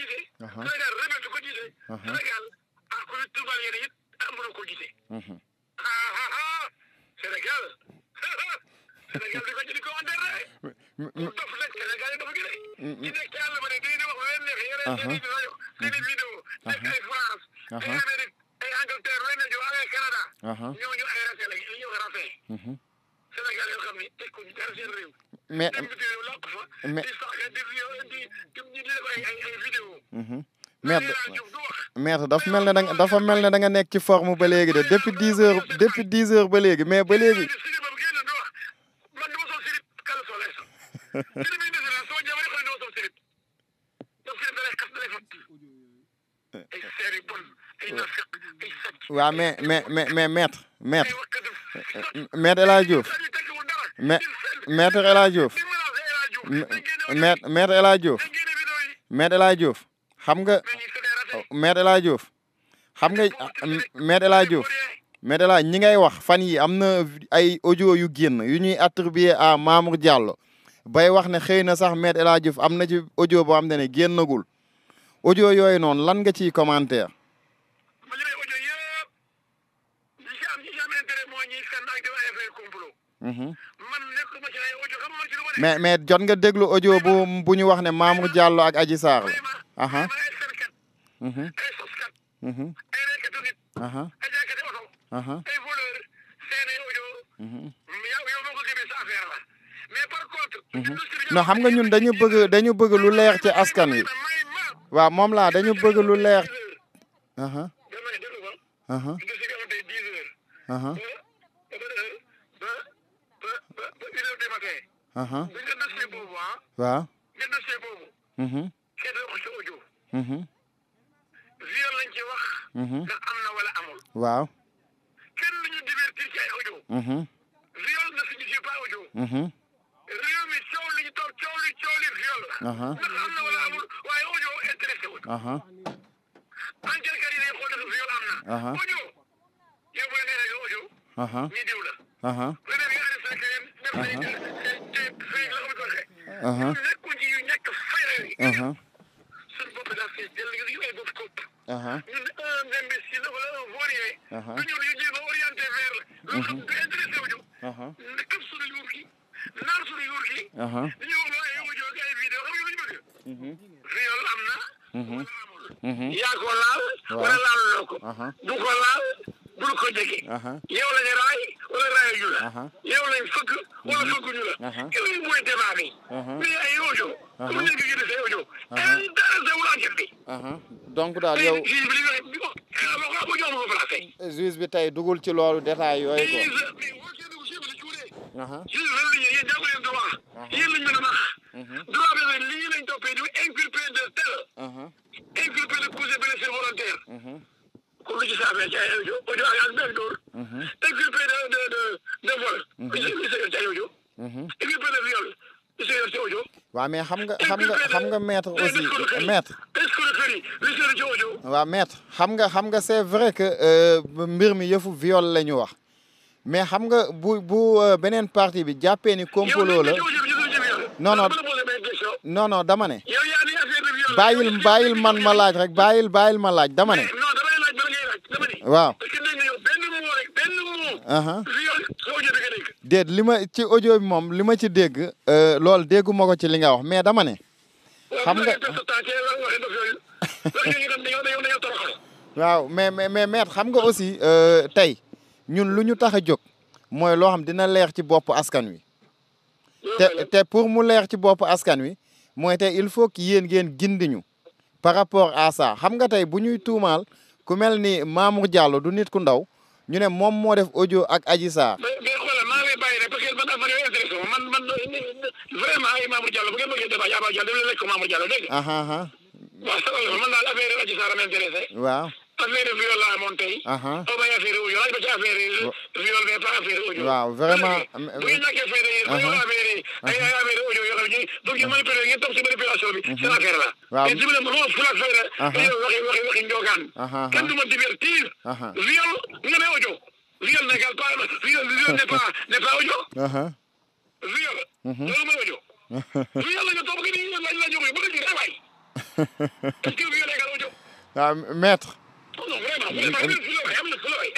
jiite. Uh-huh. Sénégal rebelle du ko jiite. Uh-huh. Sénégal ah ku ñu tuumaal yéen it ah mënoo ko jiite. Uh-huh. Ah, ah, ah, Sénégal Sénégal di ko ji di ko wante rek. mu dof nag Sénégal yi a. ñu ne day wax lu leen neex yore seen i rajo seen i vidéo nekk ay France. ay Amérique ay Angleterre lu leen neex ay Canada. ñooñu ay rajo la ñu yoo xam ne teg ko dara seen réew. mais dem bitim réew làkk fa. mais di maître maître dafa mel ne da nga dafa mel ne da nga nekk ci forme ba léegi de depuis dix heures depuis dix heures ba léegi mais ba léegi. waaw mais mais mais mais maître maître maître El Hadj maître maître El Hadj Diouf maître xam nga maître El Hadj Diouf xam nga maître El Hadj Diouf maître El ñi ngay wax fan yi am na ay audio yu génn yu ñuy attribué à Mamour Diallo bay wax ne xëy na sax maître El Hadj am na ci audio boo xam ne ne génnagul audio yooyu noonu lan nga ciy commentaire. mais mais jot nga déglu audio bu ñu wax ne Mamour Diallo ak Adji Sarr mhm. Mhm. aha aha mhm. xam nga ñun dañu bëgg dañu bëgg lu leer ci askan wi waaw moom laa dañu bëgg lu leer aha aha gis uh-huh. nga dossier boobu ah. waaw nga dossier boobu. Mm-hmm. kenn waxu ci audio. Mm-hmm. viol lañ ci wax. Mm-hmm. ndax am na wala amul. waaw. kenn lu ñu divertir ci ay audio. viol na suñu ci pas audio. réew mi coow li ñu toog coow li coow li viol la. Uh-huh. ndax am na wala amul waaye audio intéressé wul. Uh-huh. enquêteurs yi dañuy xool dafa viol am na. audio yow bu la nee audio. ñu diw nekkoon ci yu ñàkk fayra yi suñu bopp daa fees jël ñu ay bopp kopp ñun un imbécile wala un vaurien du ñëw ñu jéem a orienté vers la loo xam du intéressé wuñu nekkam suñu yuur gi naar suñu yuur gi dañuy wax loo ay audio ak ay vidéo xam nga lu ñu bëgg mhm. viol am na mhm. wala amul mhm. yaa ko laal wala laaluloo ko du ko laal bul ko jege yow la ñu raay yow lañ fëgg wala mhm. fëgguñu la. yooyu mooy débat bi. Mhm. mais ay audio. ku nekk gi def ay audio. kenn bi. donc daal yow juge bi li nga wax bi tey dugul ci loolu détail yooyu ko. juge lan la ñuy yéen jàpp leen droit. yéen lañ mën a nax. Mhm. droit bi nag lii lañ toppee di inculpé de tel. inculpé de cause de blessure volontaire. ku lu ci saafee ci ay audio audio ak ak benn dóor. waaw mais xam nga xam nga xam nga maître aussi euh, maître waaw maître xam nga xam nga c'est vrai que euh, mbir mi yëfu viol la ñu wax mais xam nga bu bu euh, beneen partie bi jàppee ni complot la non non non bàyyil man ma laaj rek bàyyil bàyyil ma laaj dama ne déet li ma ci audio bi moom li ma ci dégg euh, loolu déggu ma ko ci li nga wax mais dama ne xam nga waaw mais mais mais maître xam nga aussi euh, tey ñun lu ñu tax a jóg mooy loo xam dina leex ci bopp askan wi te te pour mu leex ci bopp askan wi mooy tey il faut que yéen ngeen gindiñu par rapport à ça xam nga tey bu ñuy tuumaal ku mel ni Mamour Diallo du nit ku ndaw ñu ne moom moo def audio ak aji Sarr man man vraiment Mamour Diallo bu ngeen bëggee débat Mamour Diallo def leen ko Mamour Diallo dégg nga ah, ah, ah. waaw salaamaaleykum man daal affaire yi Adji Sarr am intéressé waaw affaire viol laa amoon tey aw may affaire audio laaj ba ci affaire viol mais pas affaire audio waaw vraiment bu ñu ñàkkee fayda yi dañoo affaire yi ay ay affaire audio yoo xam ne bëgg ngeen manipuler ngeen topp si manipulation bi mhm. seen affaire la waaw te dimbale ma moom fulaak fayda dañoo waxi waxi waxi njoogaan kenn du ma divertir viol nga ne audio viol n'est pas viol n'est pas audio du yàlla. loolu mooy rajo. du yàlla nga toog nii laaj laaj yoo xam ne bëgg nañu waay. est-ce que du yàlla ay gàllankoor. waaw maître. non vraiment vraiment am na solo waay.